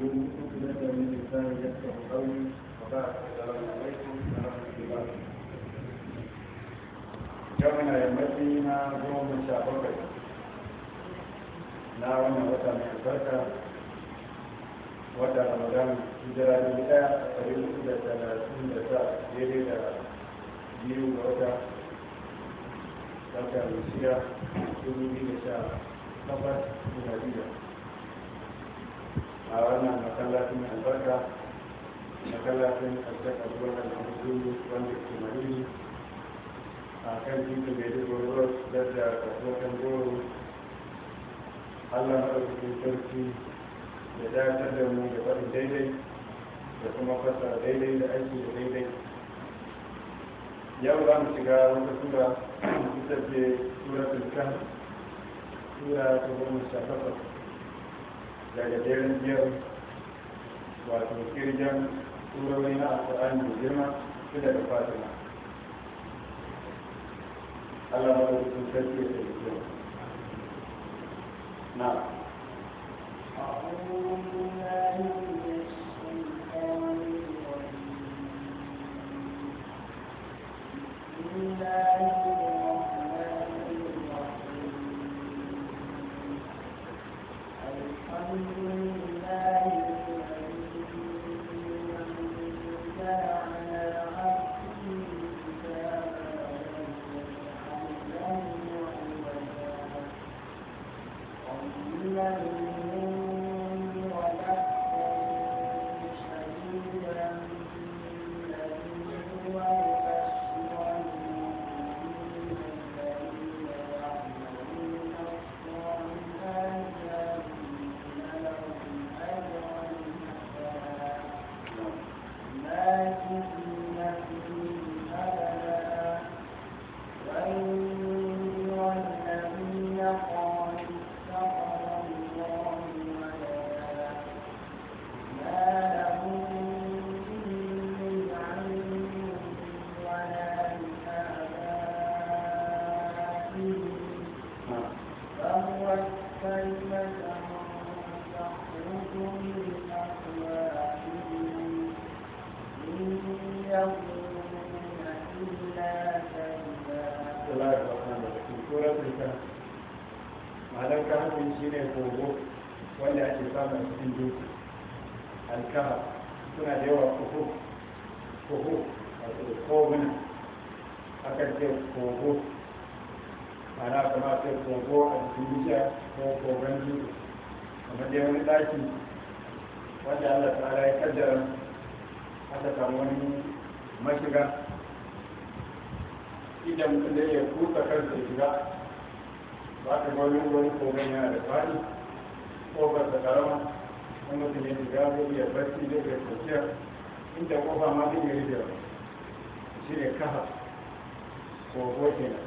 من سنة من لسان يفتح قومي na wannan wata mai albarka wata ramadan hijira ne ɗaya a ɗari uku da talatin da ta daidai da biyu ga wata wata rusiya dubu biyu da da a wannan masallacin albarka masallacin albarka zuwa alhamdulillah wanda ke madini a kan titin da ya goro da da kasuwatan goro allah maɗaukakin sarki da dakatar da mu da faɗin daidai da kuma fasa daidai da aiki da daidai yau za mu shiga wata tura ita ce suratul kahf sura ta goma sha takwas daga jerin jiyar wato kirjan turori na alkur'ani da girma su daga fatima allah ba da sarki da yau na shi ne kogo wanda ake samun cikin dutse alkaha suna da yawa a kuhu wato a akan ce kogo ana kama ce kogo a cikin bishiya ko kogon dutse kuma dai wani ɗaki wanda allah ta'ala ya kaddara aka samu wani mashiga idan mutum da ya kusa kansa shiga ba ka wani wani kogon yana da fadi kofar da karama wani mutum ya shiga zai barci zai iya kwanciya inda kofa ma zai iya rijiyar shi ne kaha kogo kenan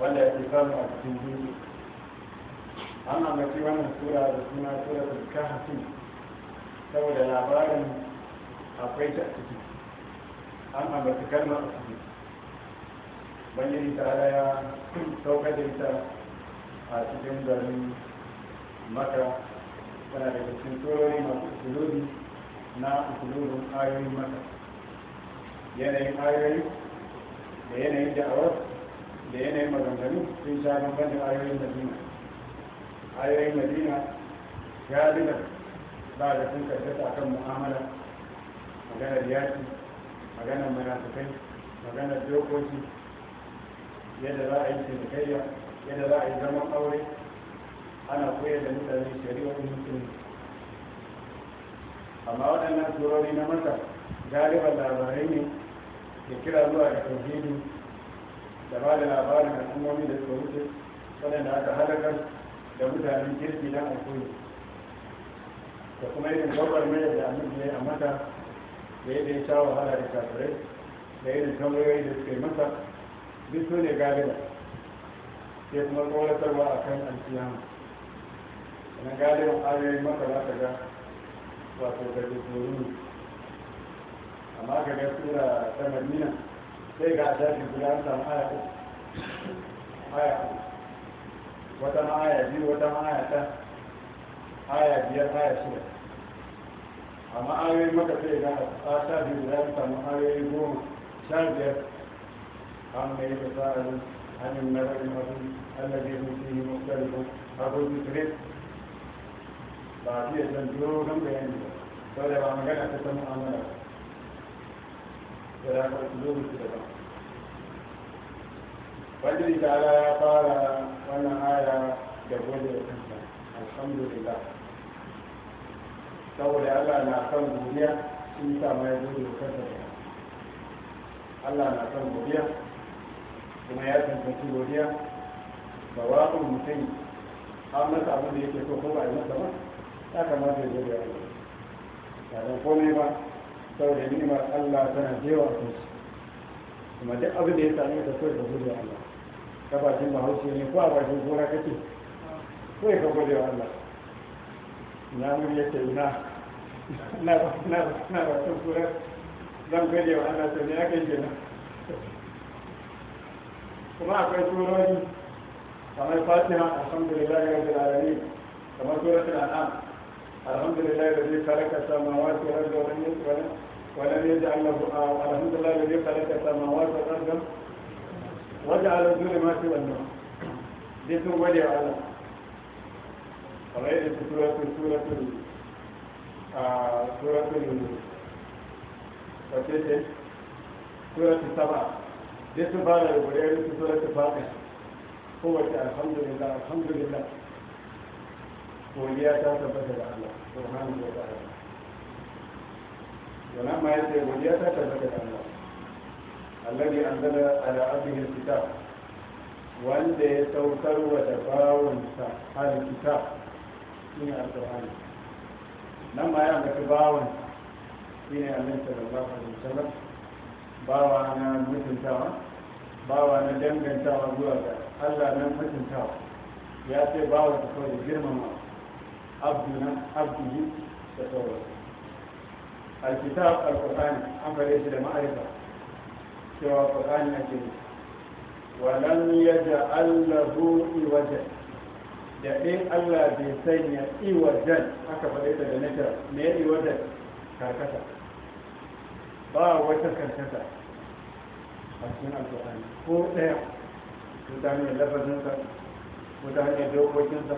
wanda ya ke a cikin duniya an ambaci wannan sura da suna sura da kahafin saboda labarin akwai ta a ciki an ambaci kalmar a ciki ubangiji ta ya saukar da ita a cikin garin maka tana daga cikin tsorori masu usuluri na usulurin ayoyin maka yanayin ayoyi da yanayin da'awar da yanayin maganganu sun sha bambam da ayoyin madina ayoyin madina galiba ba da sun karkata kan mu'amala maganar yaki maganar munafikai maganar dokoki yadda za a yi cinikayya yadda za a yi zaman aure ana koyar da mutane da musulmi amma waɗannan turori na masa galiban labarai ne da kira zuwa da tauhidi da ba da labarin al'ummomi da suka wuce waɗanda aka halakar da mutanen kirki na alkuni da kuma irin gwagwar mai da annabi ya a mata da yadda ya sha wahala da kafirai da irin tambayoyi da suke masa duk su ne galiba sai kuma tsoratarwa a kan alkiyama na galiban ayoyin maka za ka ga wato da jisoru ne amma ka ga sura ta madina sai ga adabi guda an samu aya uku aya uku wata ma aya biyu wata ma aya ta aya biyar aya shida amma ayoyin maka sai ga a sha biyu guda an samu ayoyi goma sha biyar عما يتساءل عن النبأ العظيم الذي هم فيه مختلفون أبو بكر بعدية جنوبا بينهم فلا وعن جنة تمعنا فلا تقدم تعالى قال وانا آية جبول الحمد لله saboda الا na kan godiya sun sa mai gode wa kansa Allah na kuma ya tantance godiya ba wa ku mutum an masa abin da yake so ko ba a masa ba ya kamata ya godiya ba ba don komai ba saboda ni'imar Allah tana jewa a kansu kuma duk abin da ya sami ka so ka gode Allah ka jin bahaushe ne ko a bakin gora kake ko ka gode wa Allah na mun ya ce na na na ba ta gora zan wa Allah to ne ya kai kenan kuma akwai turori kamar fatiha alhamdulillah ya rabbil alamin kamar suratul an'am alhamdulillah alladhi khalaqa samawati wal arda wa lam yusra wa lam yaj'al lahu uh, alhamdulillah alladhi khalaqa samawati wal arda wa ja'ala adh-dhulumati wan nur dai sun gode wa Allah ya su fara da guda ya su tura su fata kowace alhamdulillah alhamdulillah godiya ta tabbata da Allah subhanahu wa ta'ala wannan ma yace godiya ta tabbata da Allah alladhi anzala ala abdihi alkitab wanda ya saukar wa da bawansa alkitab shine alqur'ani nan ma ya ambaci bawansa shine annabi sallallahu alaihi wasallam bawa na mutuntawa bawa na dangantawa zuwa ga Allah nan mutuntawa ya ce bawa ta kawai girmama abdu nan abdu da sauransu alkitab alkur'ani an fare shi da ma'arifa cewa qur'ani ke ne walam yaj'al lahu iwajan da in Allah bai sanya iwajen aka fare ta da nakira me iwajan karkata ba wata karkata a cikin alkur'ani ko ɗaya ko ta hanyar lafazinsa ko ta hanyar dokokinsa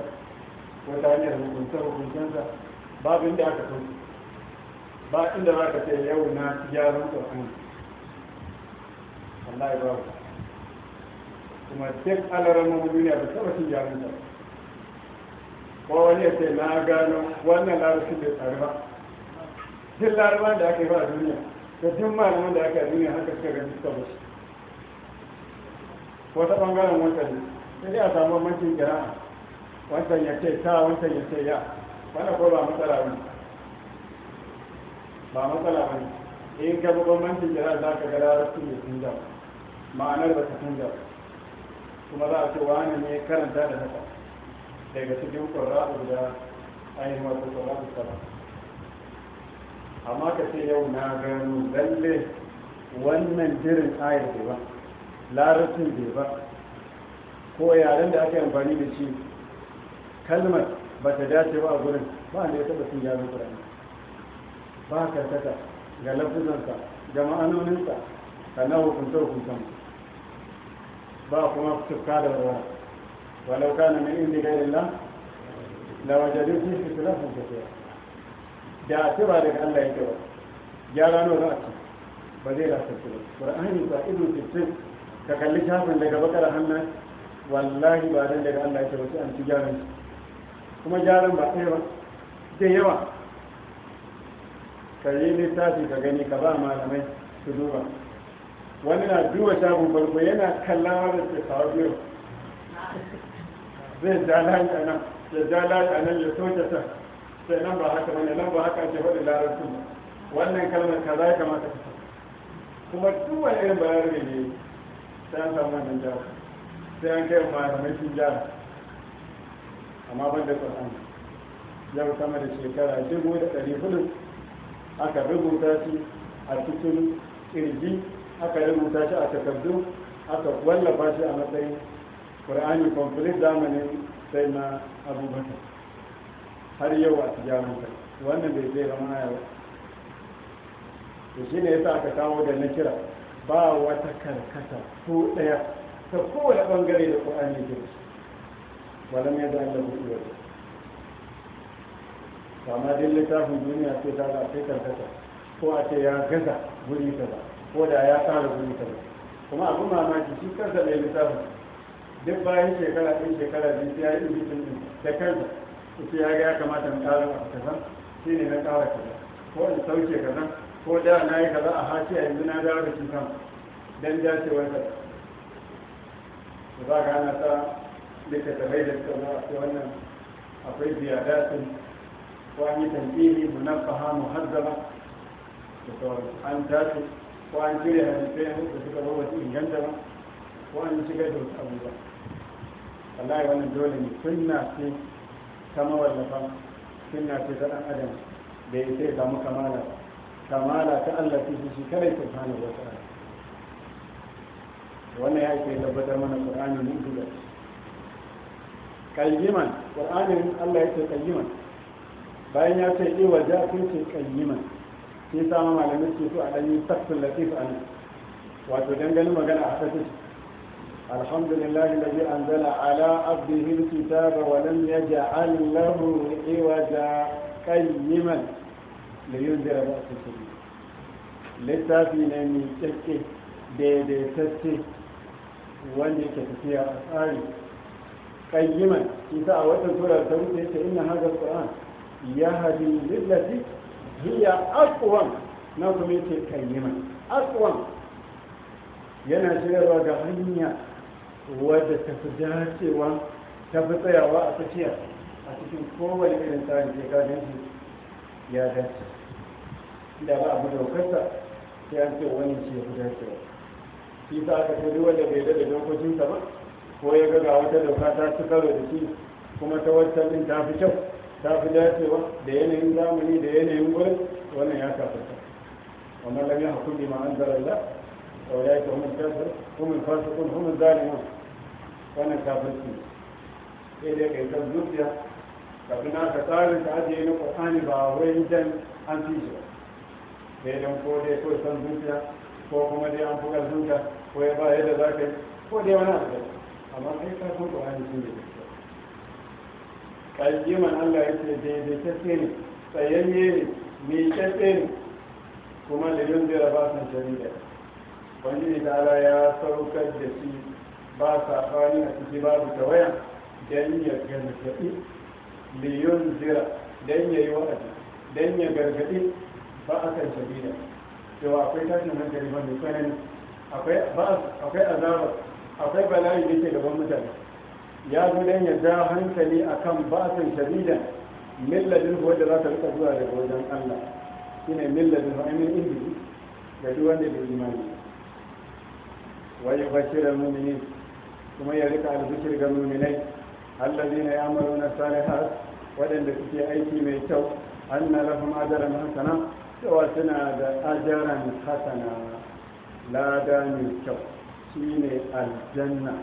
ko ta hanyar hukunce-hukuncensa babu inda aka tosu ba inda za ka ce yau na gyaran ƙarfin Allah ba kuma duk alarar mamu duniya ba taɓa cin gyaran ta ko wani ya ce na gano wannan larabcin bai tsari ba duk larabar da aka yi ba a duniya da duk malaman da aka yi duniya haka suka gani suka bashi ko ta bangaren wancan sai dai a samu bambancin kira wancan ya ce ta wancan ya ce ya wanda ko ba matsala ba ba matsala ba ne in ka bi bambancin kira za ka gara larabci ne sun jawo ma'anar ba ta sun jawo kuma za a ce wani ne karanta da haka daga cikin a guda ainihin wasu ƙwararra saba amma ka ce yau na gano lalle wannan jirin ayar ba larabcin da ba ko yaren da aka yi amfani da shi kalmar ba ta dace ba a gurin ba da ya taba sun gyara kurani ba tata ga lafizansa ga ma'anoninsa na hukuntar hukuntan ba kuma tufka da ruwa walau kana min indi yi su su lafin ikhtilafin kathira da a ba daga Allah ke ba gyara nuna za a ci ba zai lafiya ba qur'ani ba ibnu tafsir ka kalli shafin daga bakar hannun wallahi ba dan daga Allah ya wasu an ci gyaran kuma gyaran ba ɗaya ba zai yawa ka yi littafi ka gani ka ba malamai su duba wani na duba shafin farko yana kallawa da ke kawo biyu zai ja nan ya ja nan ya soke ta sai nan ba haka wani nan ba haka ke larar larabci wannan kalmar kaza ya kamata kuma duk irin bayar ne sai an samu wannan jihar sai an kai da mafi jihar amma ban da ƙwararren yau sama da shekara dubu da ɗari hudu aka rubuta shi a cikin ƙirji aka rubuta shi a takardu aka wallafa shi a matsayin ƙwarani konflik zamanin sai na abubakar har yau a tijarunta wannan bai zai zama yau da shi ne yasa aka kawo da na kira ba wata karkata ko ɗaya ta kowane ɓangare da ƙwa'ani da su wala mai da Allah buɗe wata amma dai littafin duniya sai ta ga sai karkata ko a ce ya gaza guri ba, ko da ya tsara guri ba. kuma abu mamaki shi kansa mai littafin duk bayan shekara ɗin shekara biyu sai ya yi rubutun ɗin da kansa ita ya ga ya kamata in ƙara kaza shi ne na ƙara kaza ko in sauke kaza ko da na yi kaza a hashi a yanzu na dawo da shi dan ja ce za ka ga sa ta da da ta ba ce wannan akwai ziyadatin ko an yi tamfili munafaha muhazzaba da sauran an tashi ko an cire hadisai da suka zo wasu inganta ba ko an shiga da wasu abubuwa wallahi wannan dole ne sunna ce ta mawallafa sunna ce ta dan adam da ya sai samu kamala kamala ta Allah ta shi kare ta sani wata ta'ala wannan ya ke tabbatar mana qur'ani mun duba qayyiman qur'anin Allah ya ce qayyiman bayan ya ce iwa wa jafin ce qayyiman sai sama malamin ce su a ɗanyi yi tafsir latif an wato dangane magana a haka take الحمد لله الذي أنزل على عبده الكتاب ولم يجعل له عوجا قيما da yin zira ba su kuri littafi ne mai kyakke daidaitacce wanda yake tafiya a tsari ƙayyiman isa a watan tura ta wuce yake ina haga ƙwa'an ya hadi lillafi hiya aqwam na kuma yake ƙayyiman aqwam yana shirarwa ga hanya wadda ta fi dacewa ta fi tsayawa a tafiya a cikin kowane irin tsarin ke ya dace da ba abu daukarsa sai an ce wani ce ya fitar ce shi ta aka ce duk wanda bai da dokokinsa ba ko ya ga wata doka ta ci karo da shi kuma ta wata din ta fi kyau ta fi dacewa da yanayin zamani da yanayin gurin wannan ya kafarta Wannan lam ya hukumi ma an zara Allah wa ya ta kuma fasikun kuma zalimun wannan kafirci sai dai kai ta zuciya kafin aka tsarin ta ajiye na Qur'ani ba wai jan an fi shi da dan ko dai ko san zuciya ko kuma dai an buga zuciya ko ya ba yadda za ka yi ko dai wani abu amma kai ka san ƙur'ani shi ne ƙayyiman Allah ya ce daidaitacce ne tsayayye ne miƙaƙe ne kuma da yin zai ba san shari'a wani ala ya saukar da shi ba saɓani a ciki babu tawaya don ya gargaɗi liyun zira don ya yi wa'azi don ya gargaɗi ba a kan cewa akwai tashin hankali wanda tsanani akwai azaba akwai bala'i da ke gaban mutane ya zo dan ya ja hankali akan ba'asan shadida milladin kuwa da za ta rika zuwa daga wajen Allah Shi ne milladin huwa amin ga duk wanda bai imani wa yubashirul mu'minin kuma ya rika albishir ga mu'minai yamaru na salihar waɗanda suke aiki mai kyau anna lahum ajran hasana cewa suna da ajaran hasana lada mai kyau shi ne aljanna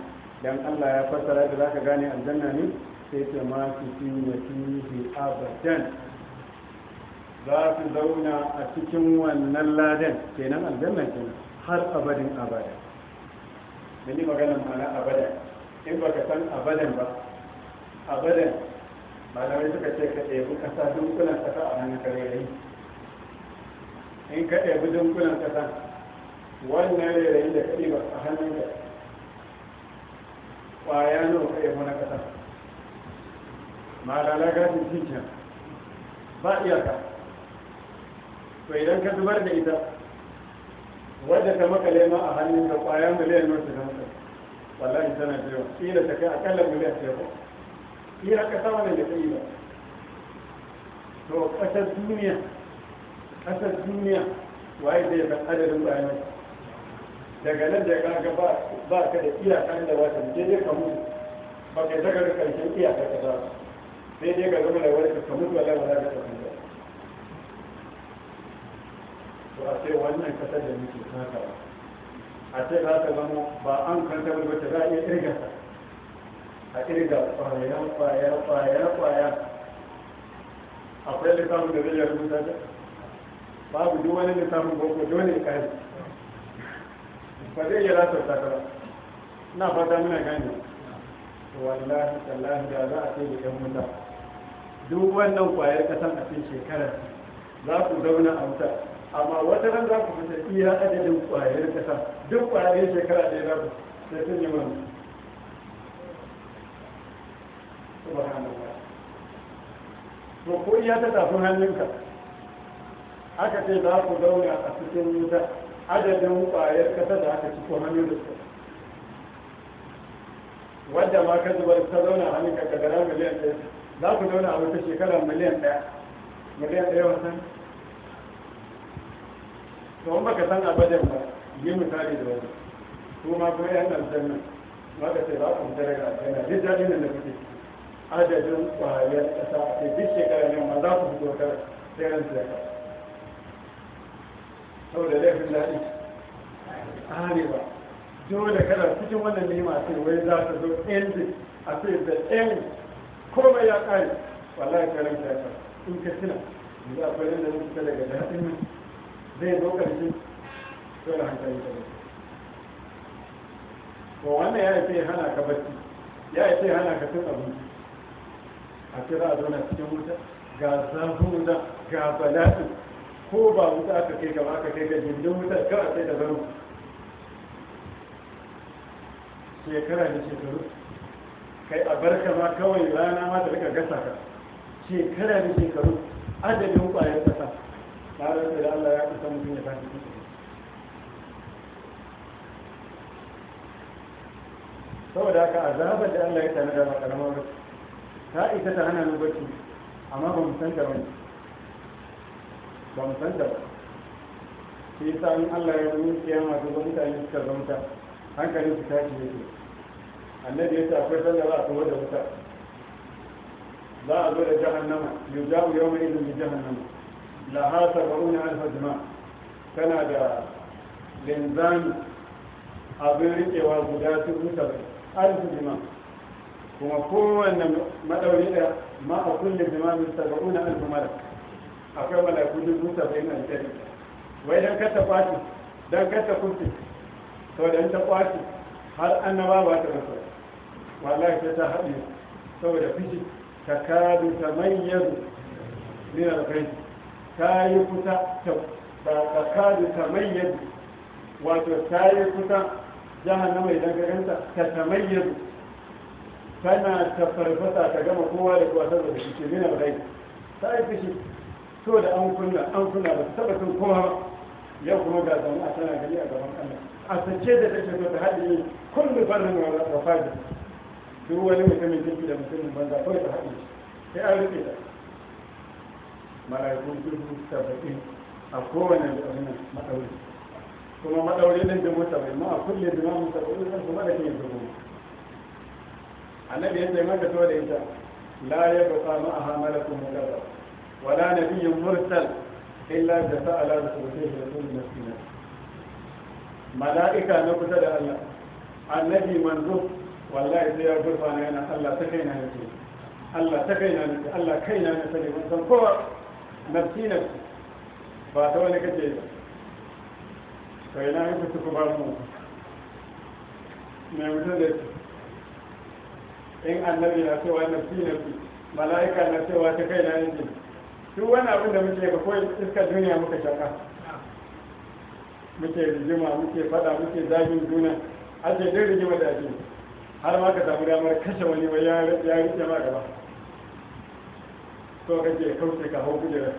don allah ya fassara da za ka gane aljanna ne sai ta masu fi na fiye abadan za su zauna a cikin wannan ladan kenan aljanna kenan har abadin abada mini yi mana abadan in baka san abadan ba abadan wani suka ce ka ɗebi ƙasa dunkunan ƙasa a hannun yi. in ka ɗabi dunkunan ƙasa wannan rairayin da kaɗi ba a hannun ka ƙwaya nawa ka ɗabi na ƙasa malala gashin cikin ba iyaka to idan ka zubar da ita wadda ta maka lema a hannun ka ƙwaya miliyan nuna ta maka wallahi tana jiwa yawa ƙila ta kai akalla miliyan ta yawa ƙila ka sama da ta yi ba to ƙasar duniya kasar duniya waye zai san adadin bayanai daga nan da kaga ba ka da iyaka da wata je je ka mutu ba ka daga da karshen iyaka ka za sai dai ka zama da wani ka mutu wala wala da tafi da to a sai wannan kasar da muke ba? a sai za ka zama ba an kanta ba ta za a iya irga a irga kwayar kwayar kwayar kwayar akwai littafin da zai yi rubuta ta babu duk wani lissafin boko dole ya kare ba zai iya rasa takara na fata muna to wallahi tallahi da za a ce da yan wuta duk wannan kwayar kasan a cikin shekarar za ku zauna a wuta amma wata ran za ku fita iya adadin kwayar kasa duk kwayar shekara ɗaya za ku sai sun yi mana subhanallah to ko iya ta tafi hannunka aka ce za ku zauna a cikin wuta adadin ƙwayar ƙasa da aka ciko hannu da su wadda ma ka zubar ta zauna hannun ka gara miliyan ɗaya za ku zauna a wata shekara miliyan ɗaya miliyan ɗaya wasan to in baka san abadan ba yi misali da wani su ma kuma yan nan ma ka ce za ku fita daga aljanna duk daɗin da kuke adadin ƙwayar ƙasa a ce duk shekara ne ma za ku fito kar sai ran kasa saboda laifin daɗi a arewa dole kada cikin wannan nema sai wai za ta zo ending a sai da end komai ya ƙare wallahi karan ta ka in ka tuna za akwai yadda na fita daga daɗin nan zai zo ƙarshe dole hankali ta zai to wannan ya ce hana ka barci ya ce hana ka cin abinci a ce za a zauna cikin wuta ga zafin wuta ga bala'in ko ba wuta aka kai gaba aka kai ga gindin wutar kawai sai da zama shekara da shekaru kai a barka ma kawai rana ma da rika gasa ka shekara da shekaru adadin kwayar kasa na rasu da Allah ya kusa mutum ya tafi saboda haka azabar da Allah ya tana da makaramar ta ita ta hana nubarci amma ba mu san ta wani ba mu san ta ba shi yasa in Allah ya yi kiyama ta zama mutane suka zama hankalin su tashi ke. annabi ya ce akwai sanda za a kuma da wuta za a zo da jahannama yujabu mai idin bi jahannama la hasa ba wani alfajima tana da linzani abin rikewa guda su wuta ba alfajima kuma kowanne madaurin da ma'a kullum jama'in saba'una alfu malaka akwai mala'iku dubu saba'in a jari wai don kata kwashi don kata kurti sau da ta kwashi har annaba ba ta rasa wallahi ta ta haɗe saboda fishi ta kadu ta mayyazu min alkhairi ta yi kusa ta kadu ta mayyazu wato ta yi kusa jahannama na mai ganta ta ta mayyazu tana ta farfasa ta gama kowa da kowa saboda fishi min alkhairi ta yi fishi so da an kunna an kunna ba su taɓa sun koma ba yau kuma ga zaune a tana gani a gaban Allah a sace da take so ta haɗe kullum farin wa fadi duk wani mutumin jiki da mutumin banza kawai ta haɗi sai an rufe ta mala'iku dubu saba'in a kowane da wani maɗauri kuma maɗauri ɗin dubu saba'in ma a kulle dubu saba'in ɗin kuma da ke dubu annabi ya ce maka to da ita la ya ba ma a hamalakun ولا نبي مرسل إلا جساء على رسولته رسول نفسنا ملائكة نقصد الله النبي منذ والله إذا يقول فانا أنا الله سكينا نفسي الله سكينا نفسي الله كينا نفسي من قوة نفسي نفسي فأتولى كتير فإلا يمكن تكبر موت من mutum إن النبي in annabi na cewa nafsi nafsi mala'ika na cewa duk wani abin da muke ba kawai iska duniya muka shaka muke rigima muke fada muke zagin juna ake duk rigima da ake har ma ka samu damar kashe wani ba ya rike ma gaba to kake kauce ka hau kujerar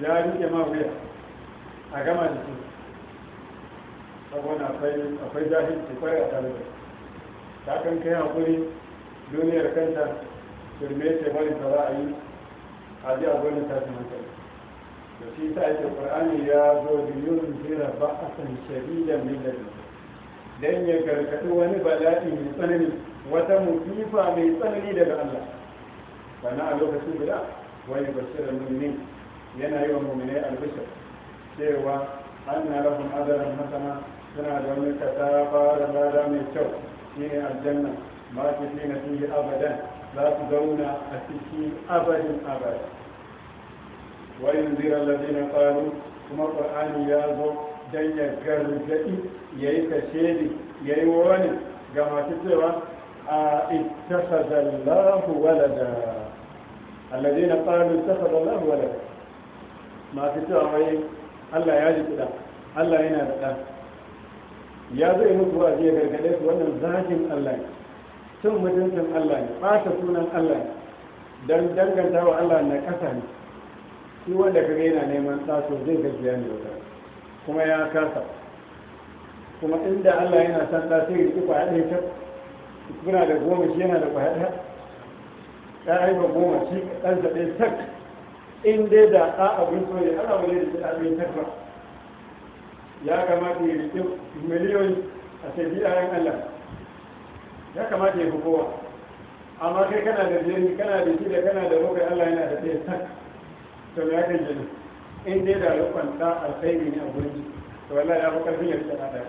ya rike ma wuya a gama da shi? saboda akwai jahilci kwarai a tare da ta kan kai haƙuri duniyar kanta turme ce bari ta za a yi a ji akwai littafin hankali da shi ta ake ƙur'ani ya zo da yin zira ba a san shari'a min dan ya gargaɗi wani bala'i mai tsanani wata musifa mai tsanani daga Allah bana a lokacin guda wani bashirar mu'minin yana yi wa mu'minai albishir cewa an na adaran hasana suna da wani fara lada mai kyau shine aljanna su fi na fiye abadan za su zauna a ciki abadin abada wayin zira lardina kwanu kuma ƙwa'ani ya zo don ya gargaɗi ya yi kashedi ya yi wani ga masu cewa a ita sazallahu walada alladina kwanu ita sazallahu walada masu cewa wai allah ya ji kuɗa allah yana da ɗa ya zai muku wa zai gargaɗe su wannan zafin allah cin mutuncin allah ne ɓata sunan allah don danganta wa allah na ƙasa shi wanda ka yana neman taso zai biya ne wata kuma ya kasa kuma inda Allah yana san da sai riki kwaya ɗaya ta kuna da goma shi yana da kwaya ɗaya ya haifa goma shi ɗansa ɗaya tak in dai da a abin so ne Allah da shi ɗaya tak ba ya kamata ya riki miliyoyi a sai biyayen Allah ya kamata ya fi kowa amma kai kana da biyar kana da shi da kana da bakwai Allah yana da ɗaya tak to ya da jini in dai da rukun ta alkhairi ne a gurin to wallahi ya fi karfin ya tsara da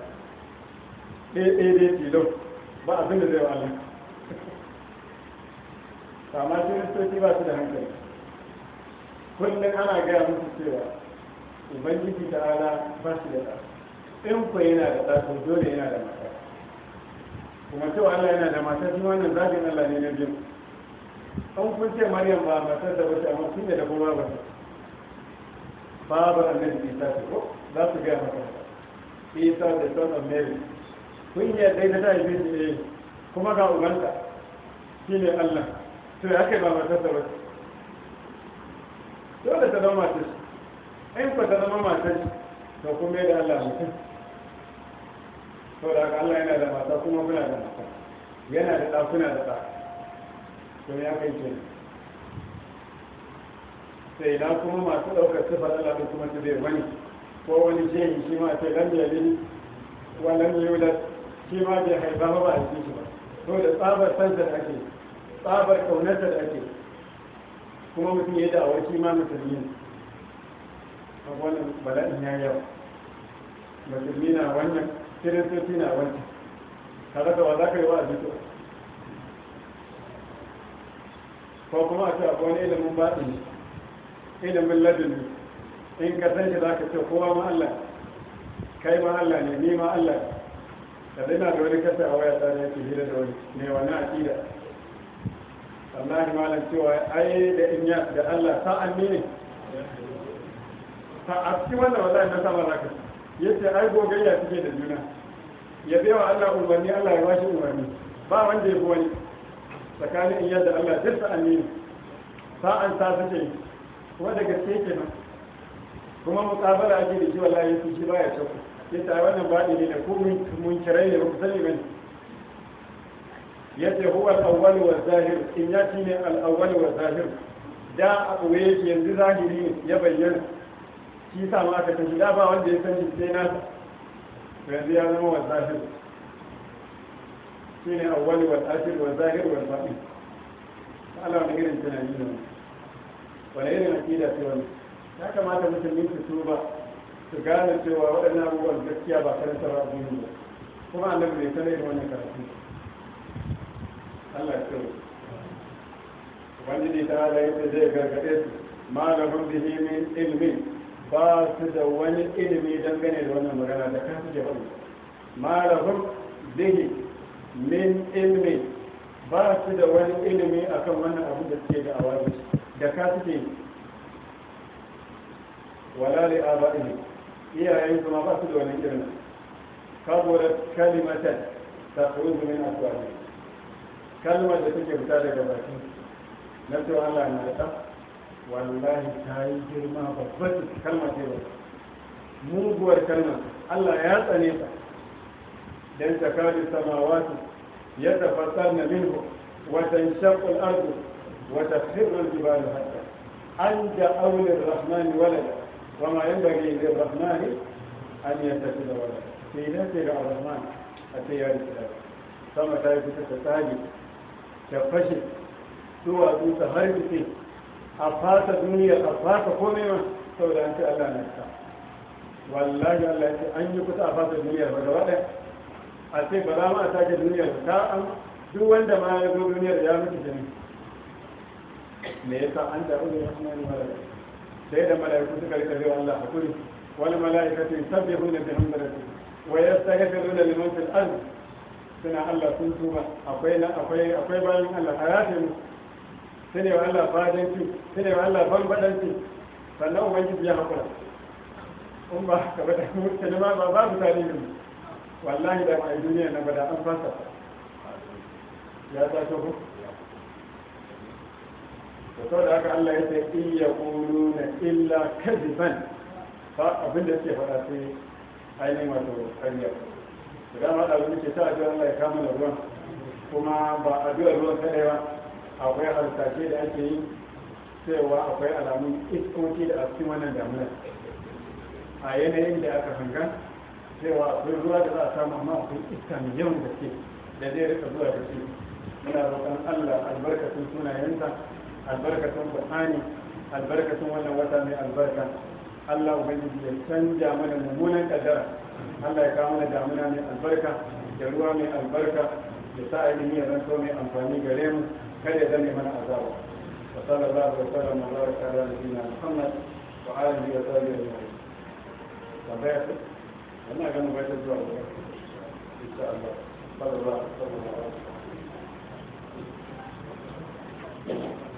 ɗaya ɗaya dai tilo ba abin da zai wa Allah amma kiristoci ba su da hankali kullum ana gaya musu cewa ubangiji ta ala ba shi da ɗa in ku yana da ɗa dole yana da mata kuma cewa Allah yana da mata shi wannan zaɓin Allah ne na biyu an kun ce Maryam ba matar da wata amma sun da kuma ba ta babar annabi isa ce ko za su gaya maka isa da son of mary kun yi dai ta haife shi ne eh, kuma ga uganta shi ne allah to ya kai ba ta ba dole ta zama ta shi in ba ta zama mata shi to kuma da allah mutum to da ka allah yana da mata kuma muna da mata yana da ɗa da ɗa to ya kai kenan sai na kuma masu ɗaukar sifar Allah kuma su zai wani ko wani shehi shi ma sai lam yalin wa lam yulad shi ma bai haifa ba ba a cikin shi ba to da tsabar sansa da ake tsabar kaunarsa da ake kuma mutum ya da awaki ma musulmi a wannan bala'in ya yawa musulmi na wannan kiristoci na wancan kaga da wa za ka yi wa a ko kuma a ce akwai wani ilimin baɗi ilimin ladini in ka san shi za ka ce kowa ma Allah kai ma Allah ne ni ma Allah da ina da wani kasa a waya ta da yake hira da wani ne wani aƙida wallahi malam cewa ai da in ya da Allah sa'an ne ne a cikin wannan wallahi na sama ya yace ai gogayya take da juna ya bewa Allah umarni Allah ya bashi umarni ba wanda ya fi wani tsakanin in yadda Allah duk sa'an ne sa'an ta suke yi kuma daga teke na, kuma mukabala ake da shi wallahi yake shi baya ta ku ya ta wannan baɗi ne da kuma mun kira ne ba ku sani ya ce huwa al wa zahir in yaki ne al wa zahir da a koye yake yanzu zahiri ya bayyana shi sa ma aka tafi da ba wanda ya sani sai na yanzu ya zama wa zahir shine awwal wa zahir wa zahir wa zahir Allah wani irin tunani ne wani irin akida ce wani ya kamata musulmi su tuba su gane cewa waɗannan abubuwan gaskiya ba karanta ba addini ba kuma annabi bai sanar da wannan karatu Allah ya tsoro wani ne ta ala yadda zai gargaɗe su ma da bihi min ilmin ba su da wani ilimi dangane da wannan magana da kansu ke faɗi ma da bihi min ilmin ba su da wani ilimi akan wannan abu da suke da awari da ka suke wala ba'a ne iyayen kuma ba su da wani irin saboda kalimatar ta khuruju min aswabi kalmar da suke fita daga baki na cewa Allah na da wallahi ta yi girma babbar kalmar ce ba muguwar kalmar Allah ya tsane ta dan takadu samawati na minhu wa tanshaqqu al-ardu وتخر الجبال هدا أن دعوا للرحمن ولدا وما ينبغي للرحمن أن يتخذ ولدا في نفسه الرحمن التيار الكتاب sama ta yi fita ta tsage ta fashe duwatsu ta harbice a fata duniya a fata komai ma saboda an ce allah na ta wallahi allah ce an yi kusa a fata duniya ba gaba ɗaya a ce ba za ma a sake duniya ta an duk wanda ma ya zo duniyar ya mutu jami'a me yasa an da uzu rahman malaka sai da malaiku suka rika biyo Allah hakuri wal malaikatu yusabbihuna bihamdi rabbihim wa yastaghfiruna liman fil ard suna Allah sun tuba akwai na akwai akwai bayan Allah hayati mu sai wa Allah fadanci sai wa Allah banbadanci sannan ubangiji ya hakura in ba ka bada mutane ma ba babu tarihi wallahi da ba duniya na bada an fasa ya ta ku to to da haka Allah ya ce in na illa kadiban ba abin da yake faɗa sai ainihin wato ƙarya to dama da abin da ke sa Allah ya kama da ruwan kuma ba addu'a ruwan kadai ba akwai harsashe da ake yi cewa akwai alamun iskoki da a cikin wannan damunar a yanayin da aka hanga cewa akwai ruwa da za a samu amma akwai iska mai yawan gaske da zai rika zuwa da shi muna roƙon allah albarkacin sunayensa albarkatun qur'ani albarkatun wannan wata mai albarka Allah ubangiji ya canja mana mummunan kaddara Allah ya kawo mana damuna mai albarka da ruwa mai albarka ya sa ilimi ya zanto mai amfani gare mu kada ya zame mana azaba wa sallallahu alaihi wa sallam wa baraka ala nabiyyina Muhammad wa alihi wa sahbihi ajma'in tambaya ta wannan ganin bai ta zuwa ga insha Allah sallallahu alaihi wa sallam Thank you.